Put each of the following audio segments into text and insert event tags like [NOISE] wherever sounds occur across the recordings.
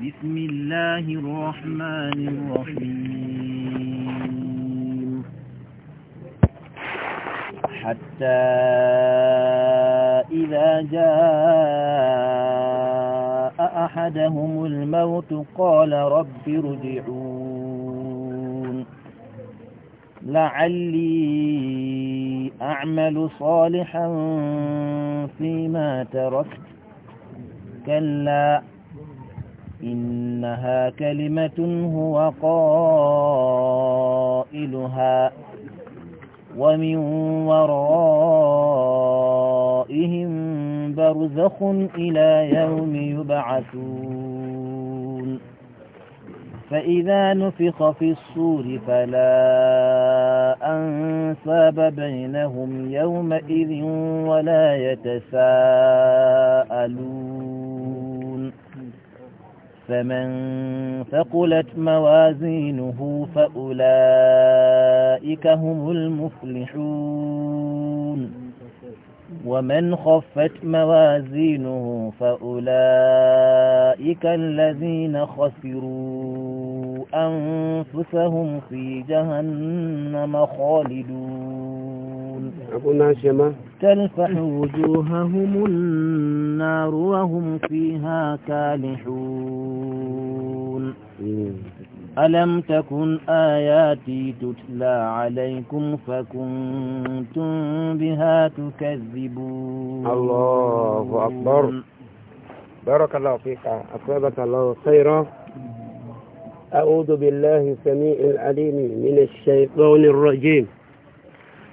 بسم الله الرحمن الرحيم حتى إذا جاء أحدهم الموت قال رب ارجعون لعلي أعمل صالحا فيما تركت كلا إنها كلمة هو قائلها ومن ورائهم برزخ إلى يوم يبعثون فإذا نفخ في الصور فلا أنصاب بينهم يومئذ ولا يتساءلون فمن ثقلت موازينه فأولئك هم المفلحون ومن خفت موازينه فأولئك الذين خسروا أنفسهم في جهنم خالدون أقولنا شما تلفح وجوههم النار وهم فيها كالحون ألم تكن آياتي تتلى عليكم فكنتم بها تكذبون الله أكبر بارك الله فيك أصابك الله خيرا أعوذ بالله السميع العليم من الشيطان الرجيم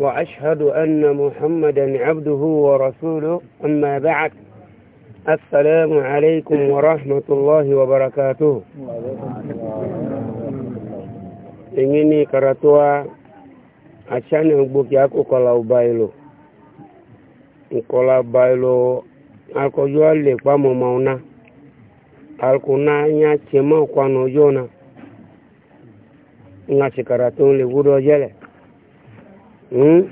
وأشهد أن محمدا عبده ورسوله أما بعد السلام عليكم ورحمة الله وبركاته إنني كرتوا عشان أبوك ياكو كلاو بايلو كلاو بايلو أكو يوالي قامو مونا alkuna nya chema kwano jona nga sikaratu le gudo Hmm?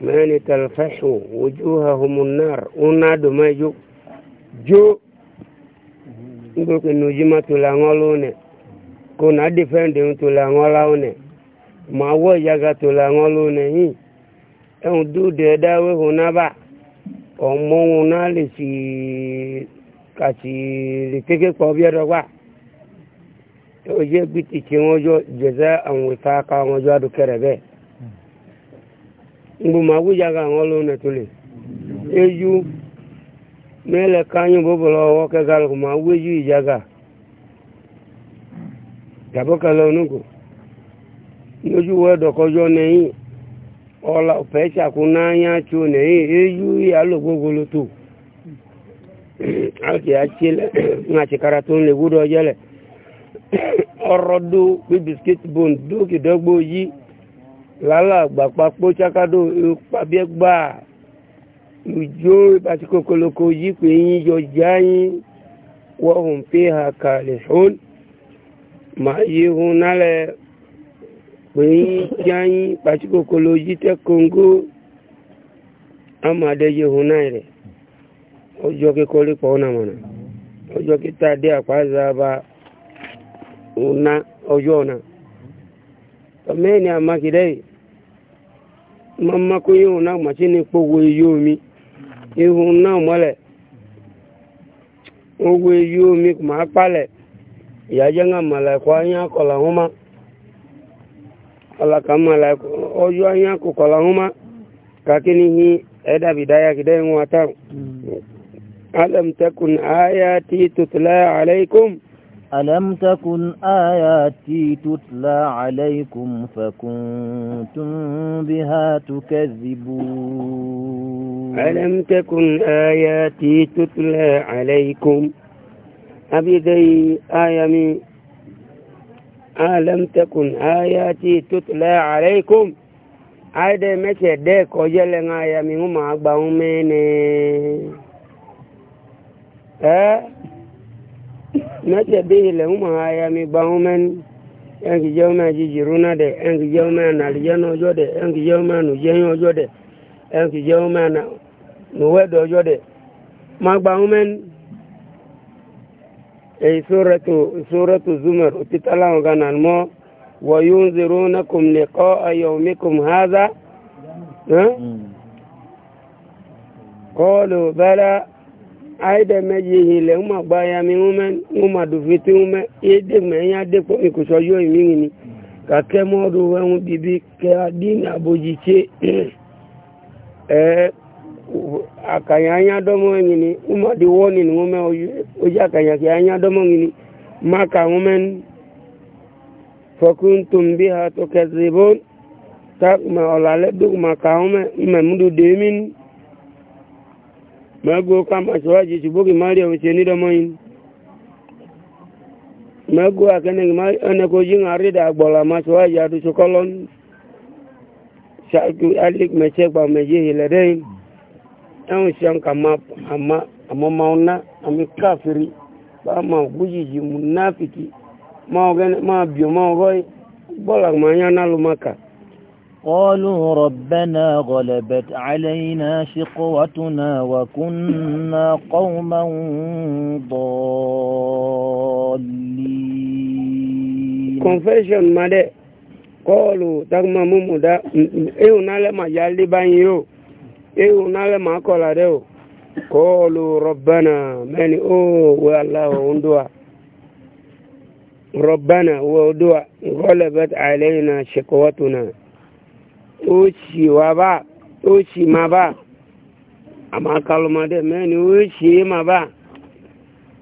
mani talfashu wujuhahum an-nar unadu maju jo ngo nujima tulangolune kuna defend tulangolaune mawo yaga tulangolune yi en du de hunaba ọmọ una le si kati oye gbiti ti wọn jọ jẹsẹ àwọn nguma wuya ga ngolo na tuli eju mele kanyo bobolo wo ke gal kuma wuju ijaga dabo kala nugo noju wo do kojo nei ola pecha kunanya chu nei eju ya lo gogolo tu alki achile na chikara tun le gudo jele orodu bi biscuit bone doki dogbo yi lala gbapa kpo tsakado kpabie gba ludzo bati kokoloko yikpe yin yɔdza yin wɔhun pe ha ka le hon ma yi hun nalɛ kpe yin dza yin bati kokolo yi tɛ kongo ama de hun na yi rɛ ɔdzɔ kekɔli kpɔ na mɔna ɔdzɔ kita de akpa zaba una ɔdzɔ na tɔmɛ mmammakọ ihe ụna machi na-ekpo eyi omi ihu na mọ́lẹ̀ ogwe eyi omi ma akpalẹ̀ ìyájẹ́ ń àmàlà ẹ̀kọ́ ayé akọ̀là húnmá ọlàkà màlà ọjọ́ ayé akọ̀kọ̀là húnmá kàkí ni hi ẹ̀dàbìdáyà kìdá ìwọ̀n àtàrùn ayati ayé àti tutùlẹ̀ àlẹ́kùn ألم تكن آياتي تتلى عليكم فكنتم بها تكذبون ألم تكن آياتي تتلى عليكم أبدي آيامي ألم تكن آياتي تتلى عليكم أدى مكي ديكو جلن آيامي هم أقبعهم مني أه mẹ́tẹ̀ bí ilẹ̀ ń mọ̀ aya mi gba wọn mẹ́ni ẹnkì jẹ́ wọn mẹ́ni jìjìrú náà dẹ̀ ẹnkì jẹ́ wọn mẹ́ni àlìjẹ́ náà ọjọ́ dẹ̀ ẹnkì jẹ́ wọn mẹ́ni nùjẹ́yìn ọjọ́ dẹ̀ ẹnkì jẹ́ wọn mẹ́ni nùwẹ́dọ̀ ọjọ́ dẹ̀ máa gba wọn mẹ́ni. èyí sórẹ́tù sórẹ́tù zumar òtítà láwọn gánà mọ́ wọ́yún zero nakum nìkọ́ ayọ̀ mikum haza. kọ́ọ̀lù eh? hmm. bẹ́lẹ́. aideme yeye le ŋuma gba ya mi ŋume ŋuma do fete ŋume ye de me nya de kpɔ mi kosɔ yɔ yi mi ŋini gake mɔdo wɛ ŋu bibi ke adi ni abodzi akanya anya dɔmɔ ŋini ŋuma di wɔ ni ni ŋume wodzi akanya anya dɔmɔ ŋini maka ŋume fɔkuntum bi ha to kɛse bo ta maka ŋume ŋume mu do de mi mago kama soaji chibuki mali awichenida moin mago akene mali anako jinga rida agbola masoaji adu chokolon shatu alik mechekwa mejihi ledein au shanka map ama ama mauna amikafiri bama bujiji munafiki maogene mabio maogoi bola manyana lumaka قالوا ربنا غلبت علينا شقوتنا وكنا قوما ضالين confession made قالوا تغما ممودا ايو نال ما يالي بانيو ايو نال ما كولا ديو قالوا ربنا من او والله وندوا ربنا ودوا غلبت علينا شقوتنا ó sì wá bá ó sì má bá àmọ́ akalọ́mọdé mẹ́rin ó sì má bá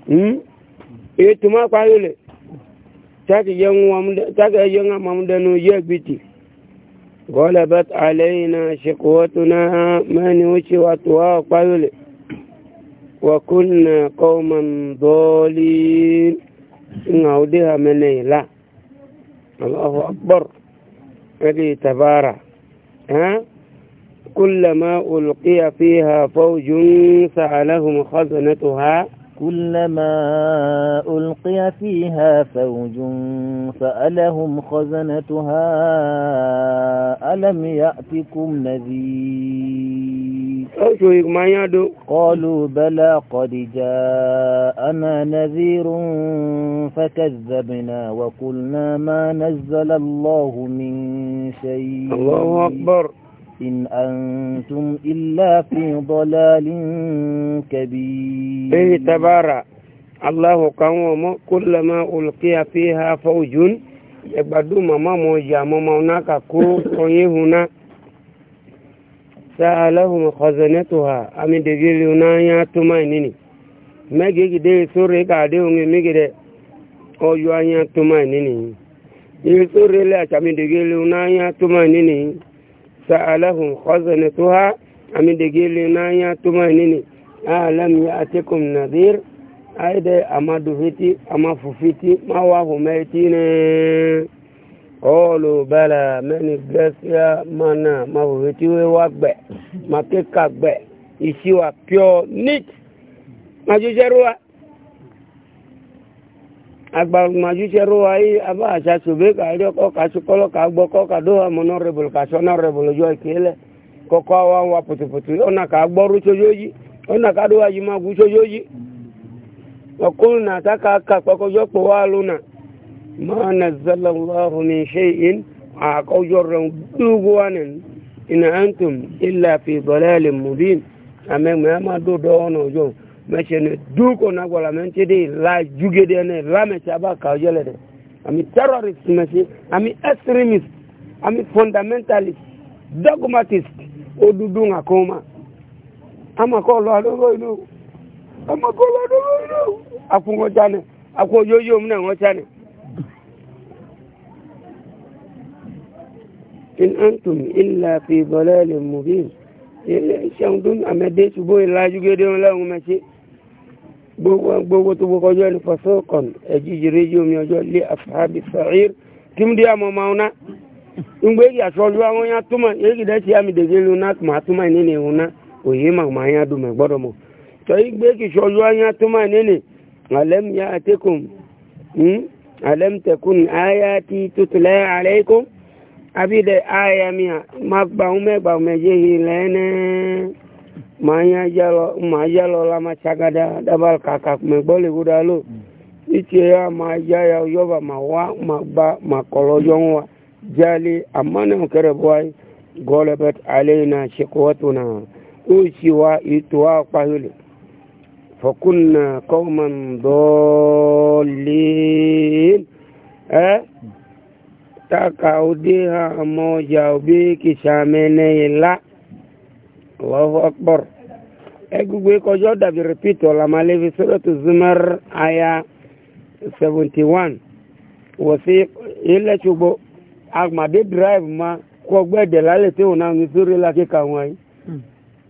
hmm? ètò má parí lẹ̀ táàkì yẹn ń amọ̀múdẹ́nu yẹ gbìtì gọ́lẹ̀bẹ́t àlẹ́yìn náà ṣekúwọ́tò náà mẹ́rin ó sì wá tó wá parí lẹ̀ wàkúnnà kọ́ọ̀mọ̀n bọ́ọ̀lì ń àwọn òdìhà mẹ́rin là. الله أكبر ولي تبارك ها كلما ألقي فيها فوج سألهم خزنتها كلما ألقي فيها فوج سألهم خزنتها ألم يأتكم نذير أشويك ما يدو قالوا بلى قد جاءنا نذير فكذبنا وقلنا ما نزل الله من شيء الله أكبر إن أنتم إلا في ضلال كبير إيه تبارك الله قوم كلما ألقي فيها فوج يبدو ما موجة ما هناك كو هنا سألهم خزنتها أمي دجيل ينايا تمانيني مجي جدي سوري قاديهم مجي أو يوانيا تمانيني يسوري لا أمي دجيل ينايا تمانيني سألهم خزنتها أمي دجيل ينايا تمانيني ألم يأتكم نذير أيدي أما دفتي أما ففتي ما وافو ميتيني kọlu bẹlẹ mẹni gẹsíà mana mafofeti wo wa gbẹ makeka gbẹ isi wa pure neat majuseruwa agba majuseruwa yi aba asasobe ka ayi kọ kasi kọlọ ka gbọ kọ ka do amu n'orebolo kasi n'orebolo jọ eke lẹ kọkọ awa wa putuputu ọna ka gbọ ru sojoji ọna ka do ayi ma gu sojoji ọkùnrin na ta ka ka kpọkọjọ kpọ wa luna. ما نزل الله من شيء a جرم دوغوان إن أنتم إلا في ضلال مبين أما ما ما دو دونو جو مشن دوكو نقول من تدي لا جوجي لا مشابا كاجل دي أمي terrorist مشي أمي extremist أمي fundamentalist dogmatist odudu ngakoma ama in antum illa في dalalin mubin ṣẹ́ndún àmẹ́dé ṣùgbọ́n ìlàjú gédé ọlọ́run mẹ́ṣe gbogbo tó gbogbo ọjọ́ ní fọ́sọ́kàn ẹ̀jíjì rédí omi ọjọ́ lé àfàábì sàír kí mú dí àmọ́ máa ná ìgbé ìyàṣọ́jú àwọn yá túmọ̀ èyí dẹ́ sí àmì dèjé lu náà máa túmọ̀ nínú ìhun náà òye máa máa yá dùn mẹ́gbọ́dọ̀ mọ̀ tọ́ ìgbé ìṣọ́jú àwọn yá túmọ̀ nínú àlẹ́m yá àtẹ́kùn àlẹ́m tẹ̀kùn áyá ti tutù lẹ́ àlẹ́kùn abide aya mia gba ume gba ume je hilene manya jalo maya lo la machagada dabal kaka me guda lo iti ya maya ya yoba mawa magba makolo jonwa jali amane mkere boy golebet alaina shiqwatuna usiwa itwa pahule فكنا قوما ضالين eh taka udiha moja ubiki shamene ila Allahu akbar egugwe ko joda bi repeat la malevi suratu zumar aya 71 wasi ila chubo agma de drive ma ko gbede lale te ona ngi suri la ke kan wai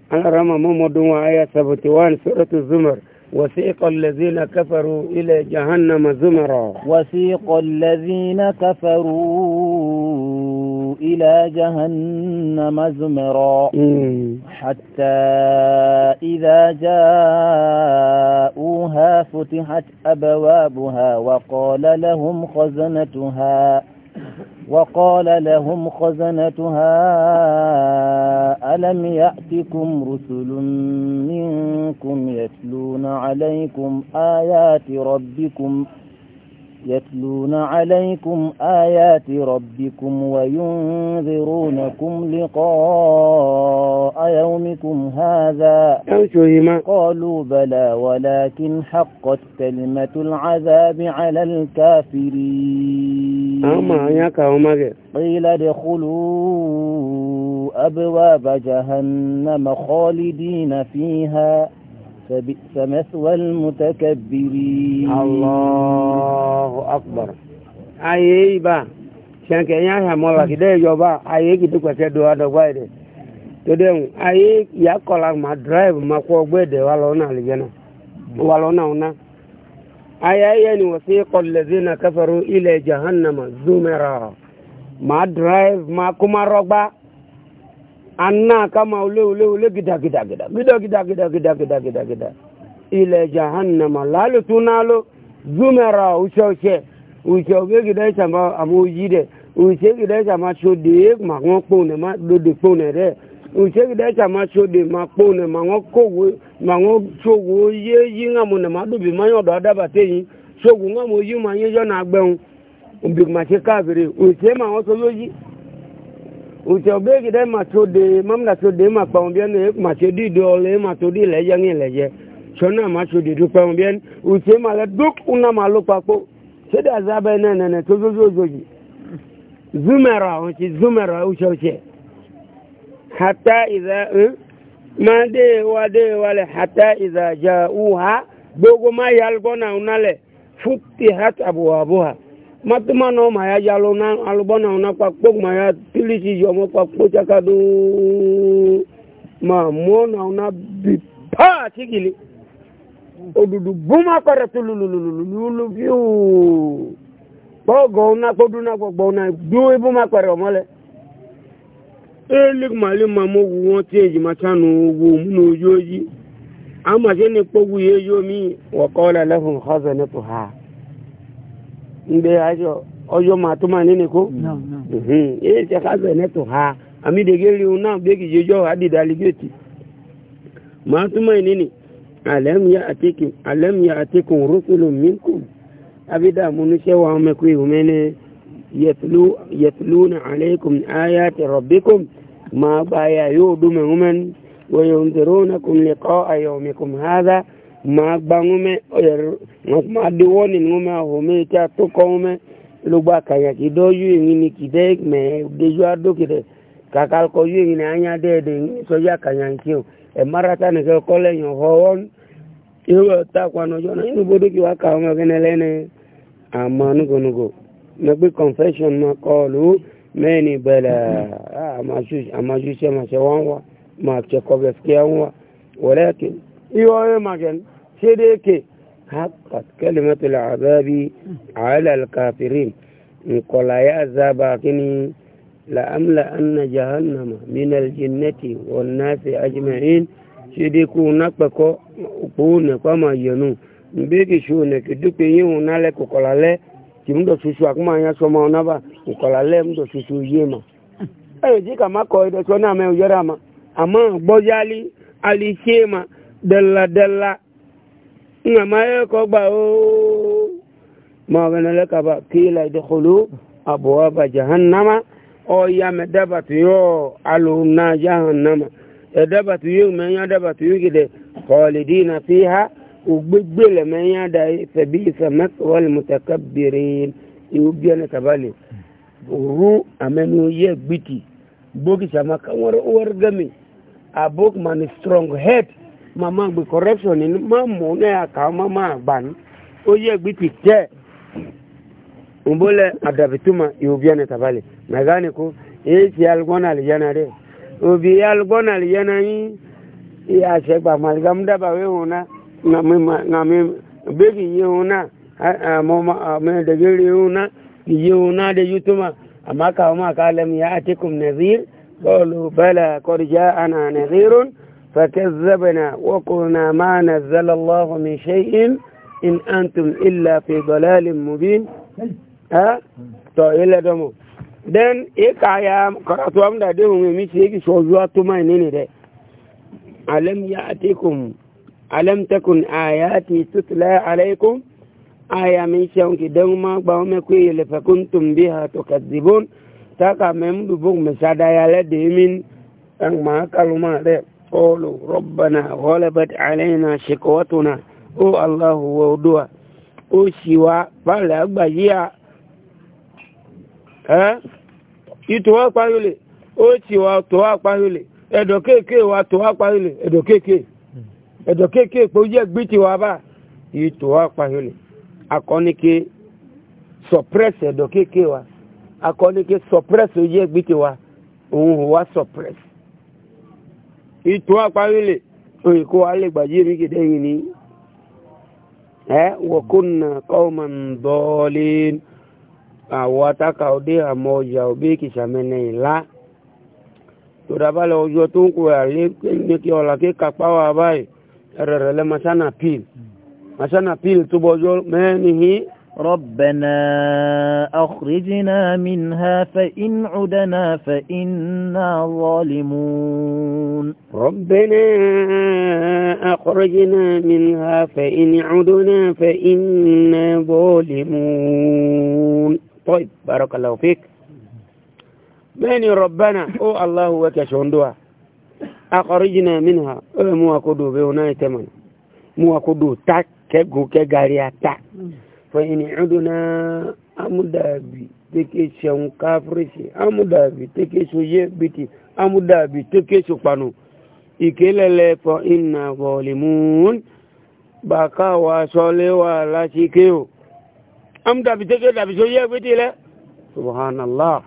ala rama momo dunwa aya 71 suratu zumar وثيق الذين كفروا إلى جهنم زمرا وثيق الذين كفروا إلى جهنم زمرا حتى إذا جاءوها فتحت أبوابها وقال لهم خزنتها وقال لهم خزنتها ألم يأتكم رسل منكم يتلون عليكم آيات ربكم يتلون عليكم آيات ربكم وينذرونكم لقاء يومكم هذا قالوا بلى ولكن حقت كلمة العذاب على الكافرين àwọn àyà kàwọn má gẹ̀. qila dkhulu abwaba jahannama khalidina fiha فبئس مثوى المتكبرين الله أكبر ayé ibà ṣẹ́nkẹ̀ yẹn àyàmọ́ làkìdẹ́ ìjọba ayé kìdíkọ̀tẹ́ do adọ́gba ẹ̀dẹ̀ tó dẹ̀hùn ayé ìyá kọ̀la ma drive ma kọ́ ọgbẹ́ ẹ̀dẹ̀ wà lọ́nà àlìjẹ́ náà wà lọ́nà ọ̀nà ayayẹni wasiqal ladhina kafaru ila jahannama zumara ma drive ma kuma rọgba anna kama ule ule ule gida gida gida gida gida gida gida gida gida gida ila jahannama lalu tunalo zumara uche uche uche uche gida icha ma amu yide uche gida icha ma chode ma ngon kpone ma dode kpone re uche gida icha ma chode ma kpone ma ngon kowe mango sogo ye yi ŋa mo nema do bi ma yɔ dɔ daba te yi sogo ŋa mo yi ma ye yɔ na gbɛŋ obigimase kaabiri ose ma wɔsɔ yɔ yi ose obe ki dɛ ma so de mamla so de ma kpɔn bia ne ma se di dɔ le ma so di lɛyɛ ŋi lɛyɛ sɔna ma so de do kpɔn bia ose ma lɛ duk una ma lo kpakpo se de aza bɛ ne nɛnɛ to zozozo yi zumɛra ose zumɛra ose ose hata iza máa dé wa dé wa lẹ̀ hàtà ìzàjà wùhá gbogbo máa yà alùbọ́nà ọ̀nà lẹ̀ fúti hàt àbùwàbùhà mátúmọ̀ náà máa yà yà alùbọ́nà ọ̀nà papò máa yà tílísì yọmọ papò jákàdó máa mú ọ̀nà ọ̀nà bí pàà síkìlì òdùdù búmọ̀ kọ̀rẹ̀ tó lululululu fíù gbọ́gọ̀ ọ̀nà kó dúnà gbọ̀gbọ̀ ọ̀nà gbó ibúmọ̀ kọ̀rẹ̀ ọ̀mọ́lẹ̀ elik mali mamo wuon tie jimatano wo muno yoyi ama jene pogu ye yomi wa qala lahum khazanatuha mbe ajo ojo matuma nini ko no no mhm e se khazanatuha ami de geli una begi jejo hadi daligeti matuma nini alam ya atikum alam ya atikum rusulun minkum abida munushe wa mekwe umene yatlu yatluna alaykum ayati rabbikum ما بايا يودم همن وينذرونكم لقاء يومكم هذا ما بانومي ما ديوني نوما همي تاتوكومي lugba kanya kido yu ngini kide me deju ado kide kakal ko yu ngini anya de de so ya kanya kiu e marata ne ko kole nyo hoon iwo ta kwano jona inu bodu ki wa ka ngo gene lene amanu gonugo me bi confession ma mẹ́ni bẹ̀rẹ̀ àmàjúṣe màṣẹ wọn wá máa ṣe kọ́bẹ̀sìkẹ́ wọn wọ̀lẹ́kẹ́ ìwọ́ yóò máa jẹ́ ṣédéèkè حقت كلمة العذاب على الكافرين نقول يا زباكني لأملأن جهنم من الجنة والناس أجمعين شديكو نقبكو قون كما ينو نبيكي شونك دوكي يونالك وقلالي تمدو سوشواك ما يسوما نبا ìkọ̀là lẹ́mùtò tuntun yé mà ẹ̀yìn tí kàmá kọ ìdọ̀tí ọ̀nà àmọ́ ìyọ́ra mà àmọ́ gbọ́jálí àlìṣe mà dẹ̀ladẹ̀la ńà máa yẹ kọ́ gbà óó máa wẹ̀nà lẹ́kàbà kí ilà ìdọ̀kọ̀lù àbọ̀wá bàjẹ́ hàn náma ọ̀ya mẹ́dàbàtú yóò alùnájà hàn náma ẹ̀dàbàtú yóò mẹ́yìn àdàbàtú yóò gidẹ̀ kọ́ọ̀lìdì nàfíhà ògbégbè lẹ́mẹ́yìn àdà ìfẹ̀bí ìfẹ̀mẹ́sọ̀wọ́lì mùtàkàbìrin ìwúbíọ́nì kàbálẹ̀ ru amenu ye gbiti bogi sama kawar uwar game abok man strong head mama gbe correction ni ma mo ne aka mama ban o ye gbiti te umbole adabituma yubiane tabale magani ku esi algona alijana re ubi algona alijana ni ya sheba malgamda bawe una na mimi na mimi begi ye una mo me degeli una يونا دي يتما أما كما قال لم يأتكم نذير قالوا بلى قد جاءنا نذير فكذبنا وقلنا ما نزل الله من شيء إن أنتم إلا في ضلال مبين ها طائلة دمو den ika ya karatu amda de mu mi ci yake so zuwa to mai ne de alam ya atikum alam takun ayati tutla alaikum aya meisha unkidengu magba umekui ile fakuntum biha tukadzibun taka memdubung mesada yale demin ang makaluma de قولوا ربنا غلبت alaina شكوتنا o Allahu وودوا o سوى فلا بجيا ها يتوا قايلي او سوى توا قايلي edo keke wa to wa pa ile edo keke hmm. edo keke po je gbi ti wa ba yi to akɔnike suppress ɛdɔ keke wa akɔnike suppress oye gbite wa òun wa suppress ìtò akpawele oye kó wa lè gbàdí rí gèdè yìí ni ɛ wɔkunna kɔma ndɔɔle awɔ ataka ɔde amɔ ya obe kìsàmɛnɛ yìí la tòdàbà lɛ ɔjɔ tó ń kó alé kéka kpawo abayi ɛrɛrɛ lɛ masana pin. Mm -hmm. عشان أبيل تبوزول مانه ربنا أخرجنا منها فإن عدنا فإنا ظالمون ربنا أخرجنا منها فإن عدنا فإنا ظالمون طيب بارك الله فيك من ربنا أو الله وكشندوها أخرجنا منها أه، مو أكدو بيوناي تمن مو تاك kẹgùn kẹgàrí ata mm. fẹyìn ìdúná amúdàbí tẹkẹ sẹun káfírísì amúdàbí tẹkẹ sọ yẹ bìtì amúdàbí tẹkẹ sọ panu ìkélẹlẹ fọ iná bọlìmún bàkà wà sọlẹ wà lásìkè o amúdàbí tẹkẹ dàbí sọ yẹ bìtì lẹ subhanallah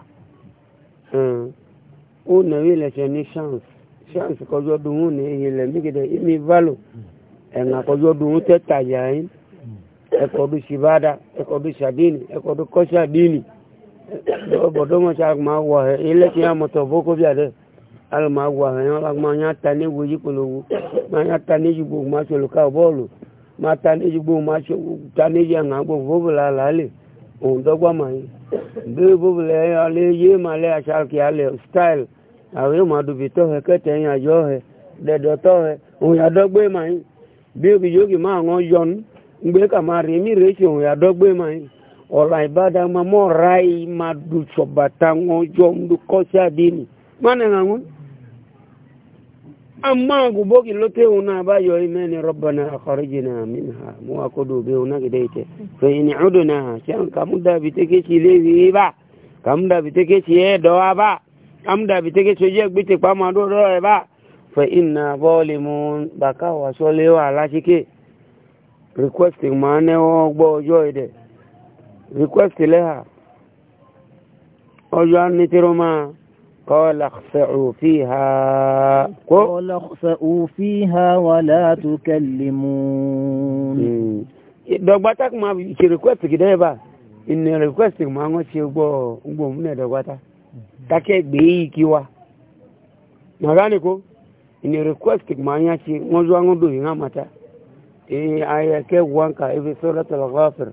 ó nàwé lẹsẹ ní chance chance kọjọ dùn ún ní ìhìlẹ mí kìdẹ ìmí value. ẹ̀nà àkọ́jọ́ ọdún ó tẹ́ta yàáyí ẹ̀kọ́dún ṣìbádà ẹ̀kọ́dún ṣàdínì ẹ̀kọ́dún kọ́ṣàdínì ọ̀bọ̀dọ́mọṣà máa wà ẹ̀ ilé tí wọ́n mọ̀tọ̀ bókó bí àdẹ́ alò máa wà ẹ̀ yọ́n lágbọ́n máa ta ní ewu yí ya máa yán ta ní ewu gbogbo ṣe olùkà bọ́ọ̀lù máa ta ní ta ní bíi yóò máa ń yọ̀n gbé kàmá rí mi rèé ṣe òun àdọ́gbé máa ń ọ̀la ìbáda máa mọ̀ ra yìí máa du sọ̀bàtà wọn jọ ń du kọ́sí àdínì mánà ń àwọn. àmọ́ àgùbókì ló téwòn náà bá yọ imẹ́ ni rọ́bànà àkọ́rẹ́jìnà mìíràn mú akọ́dọ̀ òbí òun náà gẹ́gẹ́ tẹ̀ fẹ̀yìn ní ọdún náà ṣé kàmú dàbí tẹ́kẹ́ sí ilé yìí bá kàmú dàbí tẹ́kẹ́ sí ẹ̀ẹ́dọ́ wa bá kàmú dàbí tẹ́kẹ́ sí ojú ẹgbẹ́ tẹ̀pá máa dọ́ fẹ iná bọ́ọ̀lì mu bàkà wà sọ́lé wà lásìkè request máa nẹ́wọ́ gbọ́ ọjọ́ ìdẹ̀ request lẹ́hà ọjọ́ anítíró máa kọ́ọ̀lá ṣẹ̀rù fi ha kó. kọ́ọ̀lá ṣẹ̀rù fi ha wà látú kẹ́lì mú. dọ̀gbátá kò máa ṣe request kìdẹ́ bá ìní request máa ń ṣe gbọ́ gbòmùnà dọ̀gbátá dákẹ́ gbé yìí kí wa. màgá nìkó. ni request kimanya chi mozo ngo du nga mata e aya ke wanka ibi suratul ghafir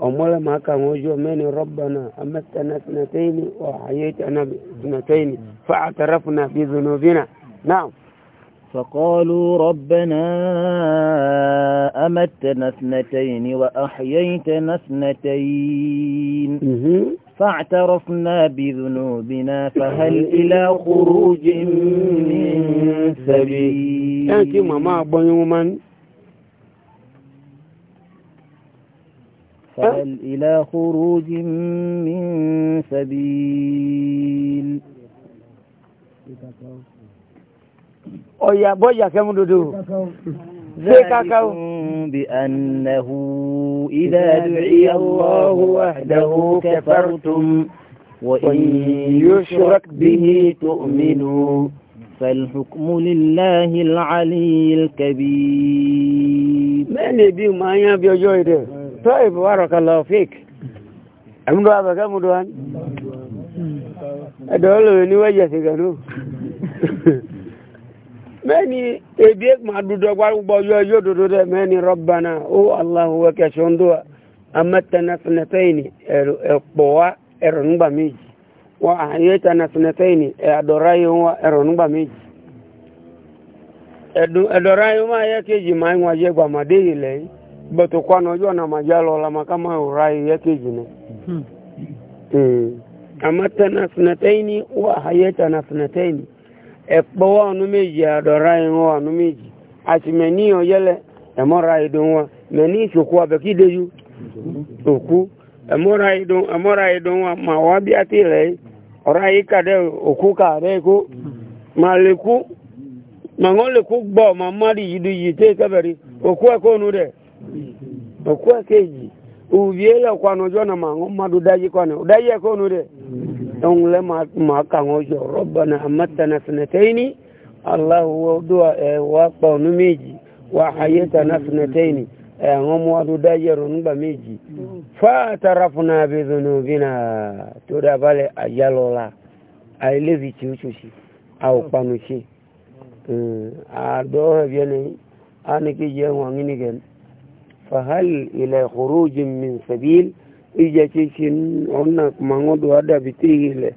mozo meni rabbana وجه من wa أمتنا اثنتين fa atarafna bi dhunubina naam فقالوا ربنا أمتنا اثنتين وأحييتنا اثنتين فاعترفنا بذنوبنا فهل إلى خروج من sabi yan ki mama agbonyin man فهل إلى خروج من سبيل أويا بويا كم دودو ذلك بأنه إذا دعي الله وحده كفرتم وإن يشرك به تؤمنوا فالحكم لله العلي الكبير من يبي ما يبي يجويده طيب بارك الله فيك أمدو هذا كم دوان أدولو وجه سيكانو mẹ́ni ebi ma dúdọ̀ gbárùgbọ́jọ́ yóò dúdú rẹ̀ mẹ́ni rọ́bàna ó aláhùwẹ́kẹ́ ṣọ́ndọ́ amẹ́tẹ̀nẹ́fẹ́nẹ́fẹ́ ìní ẹ̀pọ̀ wá ẹ̀rọ nígbà méjì wa ahayeta na sunataini e adorayo wa eronugba meji edu edorayo ma ya keji ma nwa je gba ma de ile boto kwa no jona ma ja lo la makama urayo ya keji ne mm hmm. amata na sunataini wa ahayeta na sunataini e po wa nu meji e adorayo wa nu meji atimeni o yele e mora idun wa meni soku abekideju oku hmm. e mora idun e idun wa ma wa bi atile ọ̀ráyíká dẹ́ òkúkà rẹ̀ kó ma lè kú ma wọ́n lè kú gbọ́ ma mọ́rí yìí yìí tẹ́ kẹbẹ̀rí òkú ẹ̀kọ́ nù rẹ̀ òkú ẹ̀kẹ́ yìí òbí ẹlẹ́kọ́ ànàjọ́ na ma wọ́n mọ́dún dáyé kọ́ ni dáyé ẹ̀kọ́ nù rẹ̀ ẹ̀hún lẹ́ ma kà wọ́n jọ rọ́bà na àmọ́tànà sìnẹ̀tẹ́yìní aláwọ̀dọ́ ẹ̀wà pọ̀ nù méjì wà ayé tànà sìnẹ̀tẹ́yìní ẹ̀hún mọ́dún dáyé rọ̀ nígbà méjì fáàtàràfúnà bíbínúbínà tó dábàlẹ̀ àjálọ́la àìlèvi tí ó ṣòṣì àòpanu ṣe àdọ́hẹ̀ bíẹ́ni a ní kí jẹ́ wọn ní nìkan fahal ilẹ̀ kòrójì min sabil ìjẹ́ tí ṣe ọ̀nà mọ̀ngọ́dọ̀ àdàbí tí ilẹ̀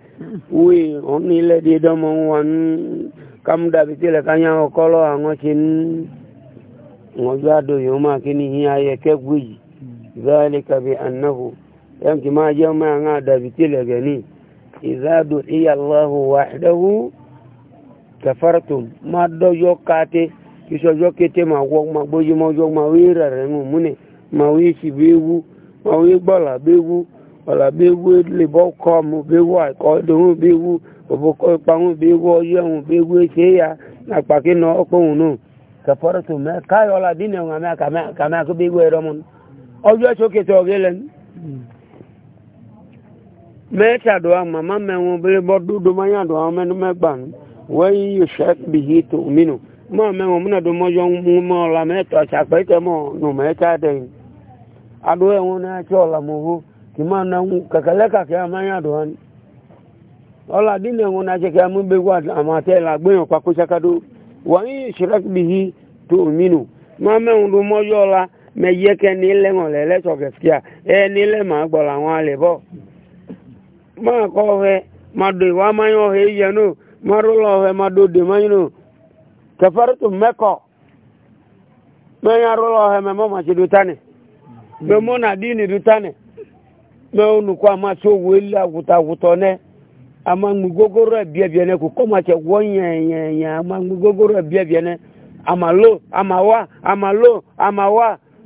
wí ọ̀nà ilẹ̀ dé dọ́mọ̀ wọn kàmú dàbí tí ilẹ̀ káyà ọkọ́lọ́ àwọn ṣe ń wọ́n gbádùn ذلك بأنه يعني ما جاء ما عاد بتلقني إذا دعي الله وحده كفرتم ما دجو كاتي كيسو كتي ما وق ما بوجي ما وق ما ويرا رنو مني ما ويشي بيو ما ويبلا بيو ولا بيو لبو كم بيو أي كودو بيو وبكو بانو بيو يوم بيو شيا نحكي كنا أكونو كفرتم ما كاي ولا دينه يوم ما كما كما كبيو رمون ọjọ́ tó kéte ọ̀gẹ́ lẹ́nu mẹ́tàdó àwọn màmá bọ́ dúdú máa àwọn mẹ́nu mẹ́gbà ní wọ́n yí yóò ṣe bìyí tó mínú mọ́ mẹ́wọn múnàdó mọ́jọ́ mú mọ́ ọ̀la mẹ́tọ̀ mọ́ nù adó ẹ̀wọ̀n ọ̀la mọ́ kì na ń kẹ̀kẹ́lẹ́ kàkẹ́ àmá yàdó ọ̀la dínà ẹ̀wọ̀n náà ṣẹkẹ́ amúgbégbà àmàtẹ́ me ye ke ni le ngo le le so geskia e ni le ma gbo la won le bo ma ko he ma do wa ma yo he ye no ma ro lo he ma do de ma no kafartu meko me ya ro lo he me mo ma chi du tane me mo na di ni du tane me onu kwa ma so we la wuta wuto ne ama ngugogoro abia e bia ne ko koma che won ye ye ye ama ngugogoro abia e bia ne ama lo ama wa ama lo ama wa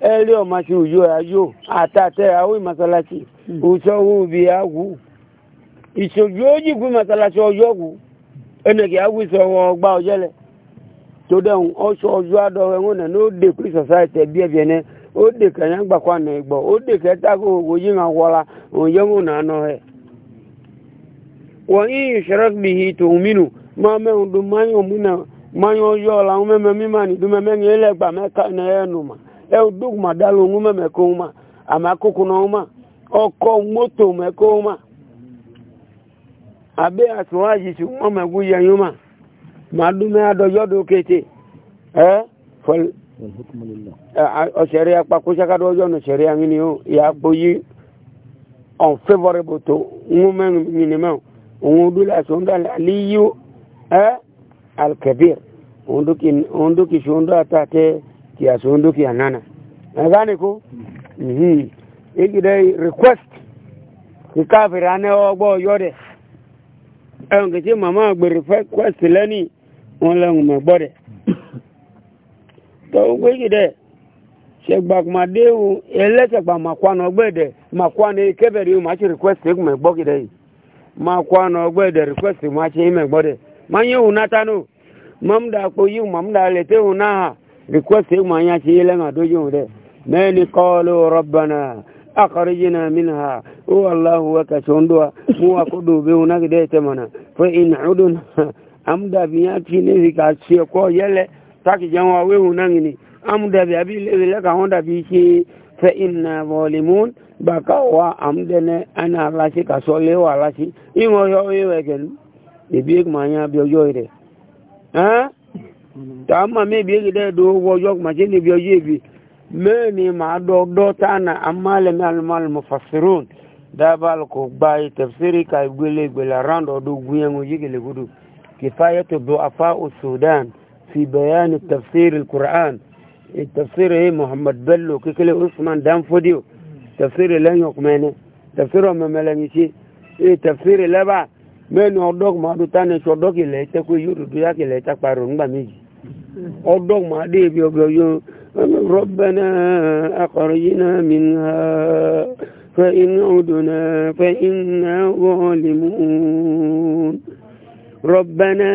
ẹlẹ́ ọmọṣẹ́ òjò ayò àtàtẹ́ àwọ̀ ìmọ̀sálásí òṣòwò òbí àwù ìṣòjú òjì fún ìmọ̀sálásí ọjọ́ wù ẹnìkì àwù ìṣòwò ọgbà ọjọ́lẹ̀ tó dẹ̀hùn ọṣọ to àdọ́rẹ̀ wọn nà ní ó dé kí sọ̀sáìtì ẹbí ẹbí ẹni ó dé kẹyàn i tòun mínú máa mẹ́rin dùn e dala ma mekoma amakụkụ n'ọma ọkọ moto mekoma abe atụwajisi nwa ma dume adọjọdọ kete ee fọl ọsẹrẹ akpakusakadọ ọjọ n'ọsẹrẹ angini o ya kpoyi unfavorable to nwume nyinima onwun dula sọndala liyu ee alkabir kiasi ondoki anana nadhani ku mhm igidai request ikafiri ane ogbo yode ẹnkìtì màmá gbé request lẹ́ni wọn lẹ́hùn mẹ́gbọ́dẹ̀ tó gbé gidẹ ṣẹgbàgbàdé ohun ẹlẹ́sẹ̀gbà màkwánà ọgbẹ́dẹ̀ màkwánà kẹbẹ̀rẹ̀ ohun máa ṣe request ikú mẹ́gbọ́ gidẹ yìí màkwánà ọgbẹ́dẹ̀ request máa ṣe mẹ́gbọ́dẹ̀ máa yẹ ohun náà tánú mọ́mdà àpò yìí mọ́mdà lẹ́tẹ̀ ohun náà request yìí mọ̀ anyá ti yé lẹ́nu àdójú òun dẹ̀ mẹ́ni kọ́ọ̀lù rọ́bànà akọ̀rẹ́jìnà mìíràn ó wà láhùwà kàṣọ́ndùwà mú wa kó dùn bí wọn náà kìdẹ́ tẹ̀ mọ̀nà fún ìnà ọdún amúdàbí yá ti ní ìsìkà ṣe ẹ̀kọ́ yẹlẹ̀ táàkì jẹun wa wéhùn náà nìyí amúdàbí àbí léwu lẹ́ka wọn dàbí ṣe fẹ́ ìnà mọ̀lẹ́mún bàkà wà amúdẹ́nẹ́ ẹ̀nà aláṣẹ kàṣọ́ léwà aláṣẹ ìwọ̀n yọ tààmà mébi ègidẹ́ do wọ́jọ́ màtí níbi ọjọ́ èbi mẹ́ni màá dọ́ dọ́ta na amálẹ̀mí alùmọ́lùmọ́ fàṣíròn dábàl kò gba ìtẹ̀sírí ka ìgbélé ìgbèlà ráńdọ̀ ọdún gún yẹn ojú gèlè gudu kìfáyà tó do afá o sudan fi bẹ̀yà ni tẹ̀sírí qur'an ìtẹ̀sírí e, e, muhammad bello kékeré usman danfodio tẹ̀sírí lẹ́yìn ọkùnmẹ́ni tẹ̀sírí ọmọmẹlẹ́mìtì ìtẹ̀sírí lẹ́bà mẹ́ni ọdọ́ màá dọ́ta ni ọdọ́ kìlẹ̀ ìtẹ́kọ̀ yóò dúdú yá kìlẹ̀ ìtẹ́kọ̀ àrùn nígbà méjì. ما ربنا أخرجنا منها فإن عدنا فإنا ظالمون ربنا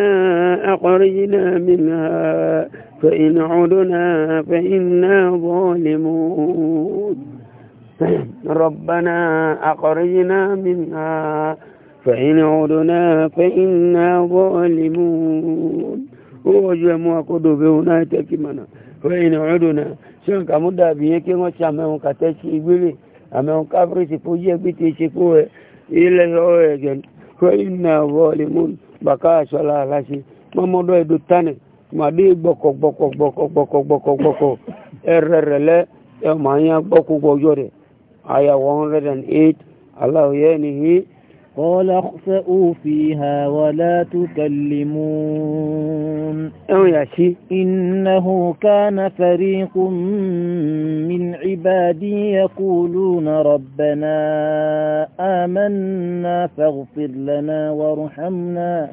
أخرجنا منها فإن عدنا فإنا ظالمون ربنا أخرجنا منها فإن عدنا فإنا ظالمون be huo jue mua kudube unaete kimana weini uduna shanka muda biyeke ngocha ameukatechi igwili ameukafri sipujie biti ichikuwe ile yoegen weina volimun e lalashi mamodo edutane madi gboko gboko gboko gboko gboko gboko ererele emanya gboku gboyore aya 108 allah yenihi قال اخسأوا فيها ولا تكلمون أو ياشي إنه كان فريق من عبادي يقولون ربنا آمنا فاغفر لنا وارحمنا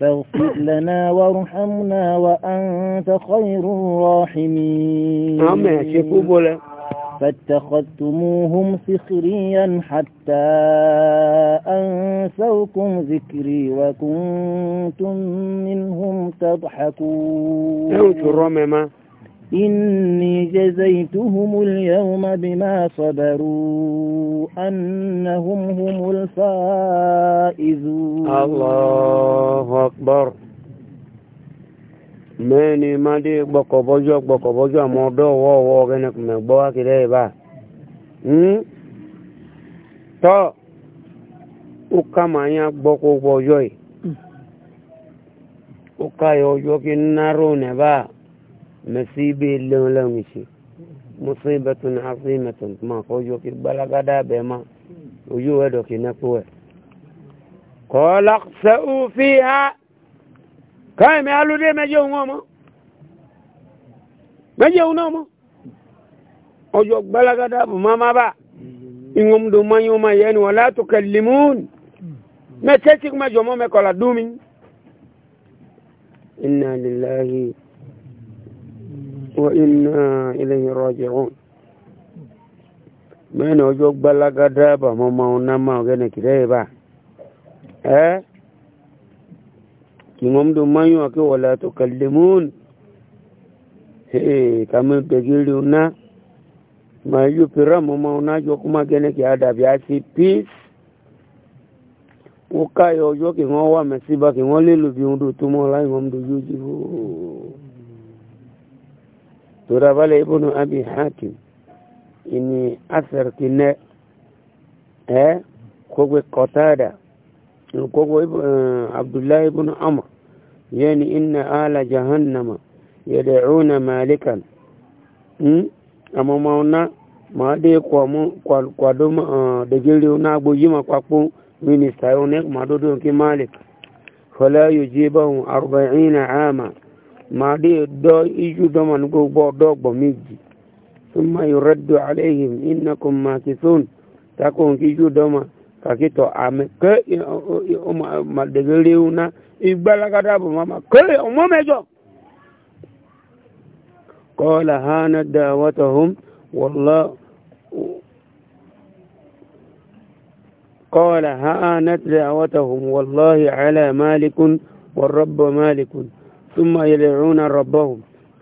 فاغفر لنا وارحمنا وأنت خير الراحمين نعم فاتخذتموهم سخريا حتى أنسوكم ذكري وكنتم منهم تضحكون إني جزيتهم اليوم بما صبروا أنهم هم الفائزون الله أكبر mẹ́ni mádé gbọ́kọ̀bọ́jọ́ gbọ́kọ̀bọ́jọ́ àmọ́ ọdọ́ ọwọ́ ọwọ́ ọ̀gẹ́nà kùmẹ̀ gbọ́ wákìlẹ̀ ìbá hmm? tọ́ ó ká màá yá gbọ́kọ̀gbọ́ yìí ó ká yọ ọjọ́ kí náró nẹ̀bá mẹ́sí bí lẹ́hún lẹ́hún ìṣe mọ́sí bẹ́tún ní ásí mẹ́tún tó máa kọjọ́ kí gbálágádá bẹ́ má ojú ẹ̀dọ̀ kì ẹ̀ fi há. káàmì alódé mẹjẹ òun ọmọ mẹjẹ òun ọmọ ọjọ gbalagada bù má má bà ìwọn dùn má yín má yẹn wọn látò kẹlìmún mẹ tẹsí má jọmọ mẹ kọlà dùnmí. inna lillahi wa inna ilayhi raji'un mẹ́ni ọjọ́ gbalagada bà mọ́ máa ń ná máa ọ̀gẹ́nìkì kí wọ́n mú mayú àkí wọ̀lá tó kàlẹ̀ mún ee kàmú gbẹ̀gìrì ọ̀nà màá yóò fi rámọ̀ ọmọ ọ̀nà àjọ kó má gẹ́nẹ́ kí adàbí àti peace wọ́n káyọ̀ ọjọ́ kí wọ́n wà mẹ́síbà kí wọ́n lè lò bí ohun tó tó mọ́ láì wọ́n mú dojú ojú fò tòrọ abalẹ̀ ibùnú abi hakim ìní asẹ̀rẹ̀kì nẹ́ ẹ́ koko eh, abdullahi ibn amr yani inna ala jahannama yad'una malikan hmm ama mauna ma de kwa mu kwa kwa do ma de gele una gbo yima papo minister one ma do don ki malik fala yujibu 40 ama ma de do iju do man go bo do gbo meji thumma yuraddu alaihim innakum makithun takon ki ju do ma kakito ame ke madegeliuna igbalagada bu mama ke omo mejo qala hana da'watuhum wallah قال هانت دعوتهم والله على مالك والرب مالك ثم يدعون ربهم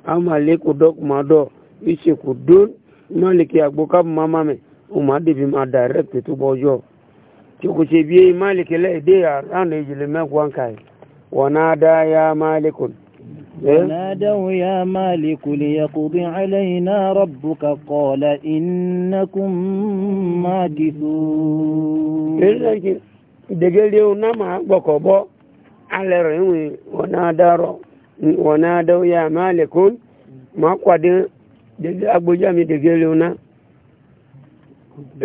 أما لك دوك ما دو إيش كدون مالك يا بوكاب ماما مي وما دي بما دايركت تبوجو tí kò ṣe bí i máàlìkì lẹ́ẹ̀dẹ́ àrùn ìjìnlẹ̀ mẹ́kwan káì wọ́n náà dá ya máàlìkù ونادوا يا مالك ليقض علينا ربك قال إنكم ماكثون دجل يونا ما بكبو على رمي ونادرو ونادوا يا مالك ما قد أبو جامي دجل يونا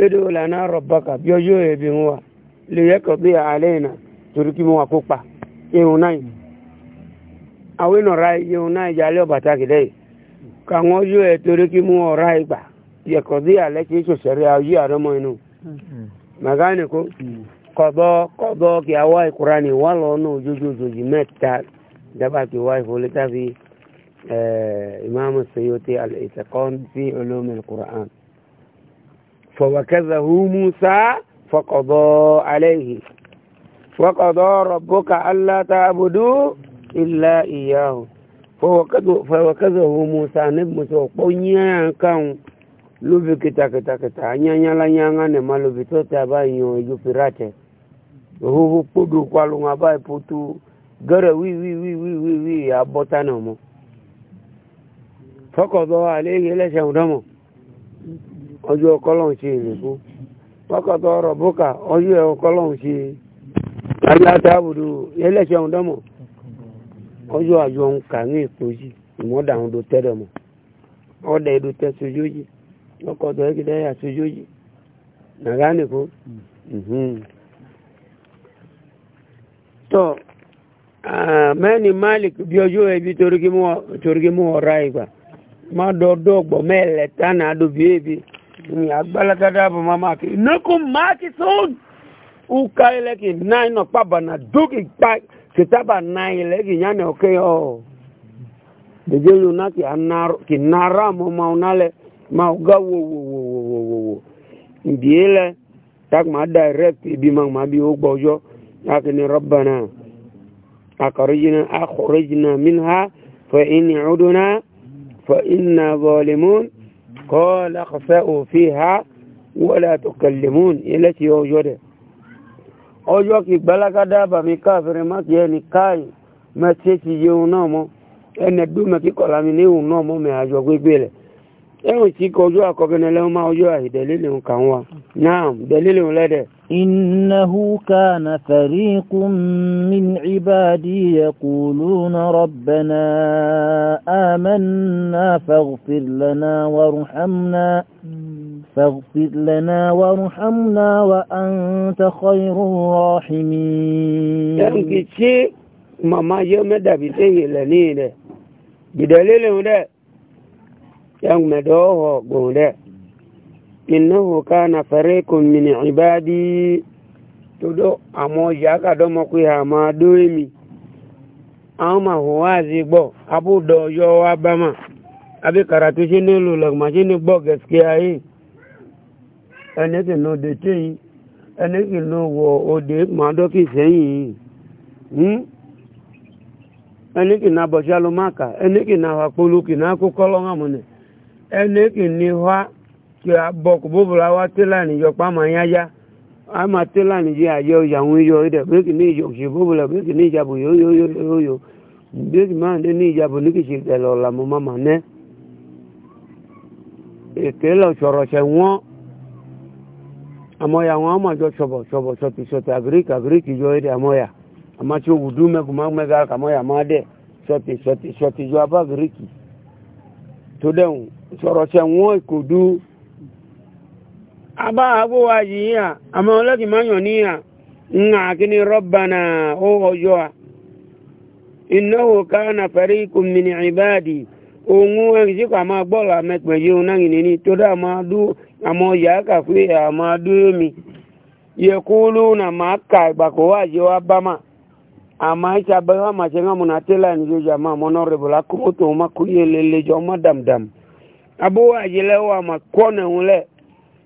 edo lana rọbaka bí ọjọ́ ẹ̀bí ń wà lè yẹ́kọ̀ bí ààlẹ́ ìnà torí kí mú wa kó pa ihun náà àwọn ìnọ̀ra ihun náà jálẹ̀ ọ̀bàtà kìdẹ́ yìí kàwọn ọjọ́ ẹ̀ torí kí mú ọ̀rá ìgbà yẹ̀kọ̀ bí ààlẹ́ kì í ayé inú kó kí ìkura ni wà lọ́nà فوكذه موسى فقضى عليه فقضى ربك ألا تعبدوا إلا إياه فوكذه موسى نبمسو قنيا كان lubi kita kita kita nyanyala nyangane malubi tote abai nyo jupirate huhu pudu kwalunga abai putu gere wi wi wi wi wi wi abotanomo fakodo alege lese udomo ọjọ́ ọkọ́lọ́hùn ṣe ìrìnkú pọ́kọ̀tọ̀ ọ̀rọ̀ bókà ọjọ́ ọkọ́lọ́hùn ṣe ayé àtàbùdó ẹlẹ́ṣẹ̀ ọ̀hún dánmọ̀ ọjọ́ àjọ ń kà ní ìkọ́jì ìmọ̀dà ọ̀hún tó tẹ́lẹ̀ mọ̀ ọ̀dà èdò tẹ sojójì ọkọ̀tọ̀ ẹ̀kídẹ́ yà sojójì nàgá nìkó. tọ mẹ́ni malik bí ọjọ́ ẹbí torí kí mú ọ̀rá ìgbà má dọ́ dọ́gbọ̀ mẹ́lẹ̀ tánà àdó bíébí. ni agbalagada bu mama ki nako ma ki so u ka ile ki na ino pa bana doki pa ki taba na ile ki nyane oke o de je yu na ki anaro ki nara mo ma unale ma uga wo wo wo wo wo wo ndiele tak ma direct bi ma ma bi o gbojo akini rabbana akarujina akhrujna minha fa in uduna fa inna zalimun قال اخفأوا فيها ولا تكلمون إلى يوجد ọjọ́ kì gbálágá dábà mi káàfẹ́rẹ́ má ti ẹni káàyè má ti ṣe ti yẹun náà mọ́ ẹni ẹgbẹ́ mẹ́kí kọ̀lá mi ní ìhùn náà mọ́ mi àjọ gbégbé rẹ̀ ẹ̀hùn tí kọjú àkọ́bẹ̀nẹ́lẹ́wọ́n máa ọjọ́ àìdẹ̀lẹ́lẹ́hùn kàwọn wa náà dẹ̀lẹ́lẹ́hùn lẹ́dẹ̀ẹ́ إنه كان فريق من عبادي يقولون ربنا آمنا فاغفر لنا وارحمنا فاغفر لنا وارحمنا وأنت خير الراحمين يعني شيء ماما يوم دا بيتي لني ده بدليل ده يعني مدوه قول ده innahu kana fariqun min ibadi todo amoja akadomo ku ya ma doemi ama huwazi gbo abudo yo wa bama abi karatu shi ne lu ma shi ne gbo gaskiya yi ene ke no de tin ene ke no wo ode ma do ki seyin hm ene ke na bo maka, ene ke na wa polu ki na ku kolonga mune ene ke ni wa kí a bọ kò bóbó la wá tẹ́lá níjọ pa máa yá yá a máa tẹ́lá níjọ àyọ ìyàwó yọ ẹ̀dẹ̀ bíríkì ní ìjọ kìí bóbó la bíríkì ní ìjàbọ̀ yóò yóò yóò yóò yóò bíríkì máa dé ní ìjàbọ̀ ní kìí ṣe tẹ̀lẹ̀ ọ̀la mo máa mà nẹ́ èké lọ sọ̀rọ̀ ṣẹ̀ wọ́n àmọ́yà wọn máa jọ sọ̀bọ̀ sọ̀bọ̀ sọ̀tì sọ̀tì àgíríkì àgíríkì yọ ẹ̀dẹ̀ àmọ́yà àmọ́ tí ó wù dú mẹ́kùn máa àmọ́yà máa dẹ̀ sọ̀tì sọ̀tì sọ̀tì yọ abá àgíríkì tó dẹ̀hùn sọ̀rọ̀ ṣẹ̀ wọ́n kò dú aba abu wajiya ama olaki manyo niya nga kini rabbana o hojoa innahu kana fariqun min ibadi ongu anji kwa ma bola mekmeji unangi nini toda ma du amo ya ka fi ama du mi yekuluna makka bako waji wa bama ama cha ba ma chenga munatela ni jama monorable akuto makuyelele jo madam dam abu waji lewa makone ule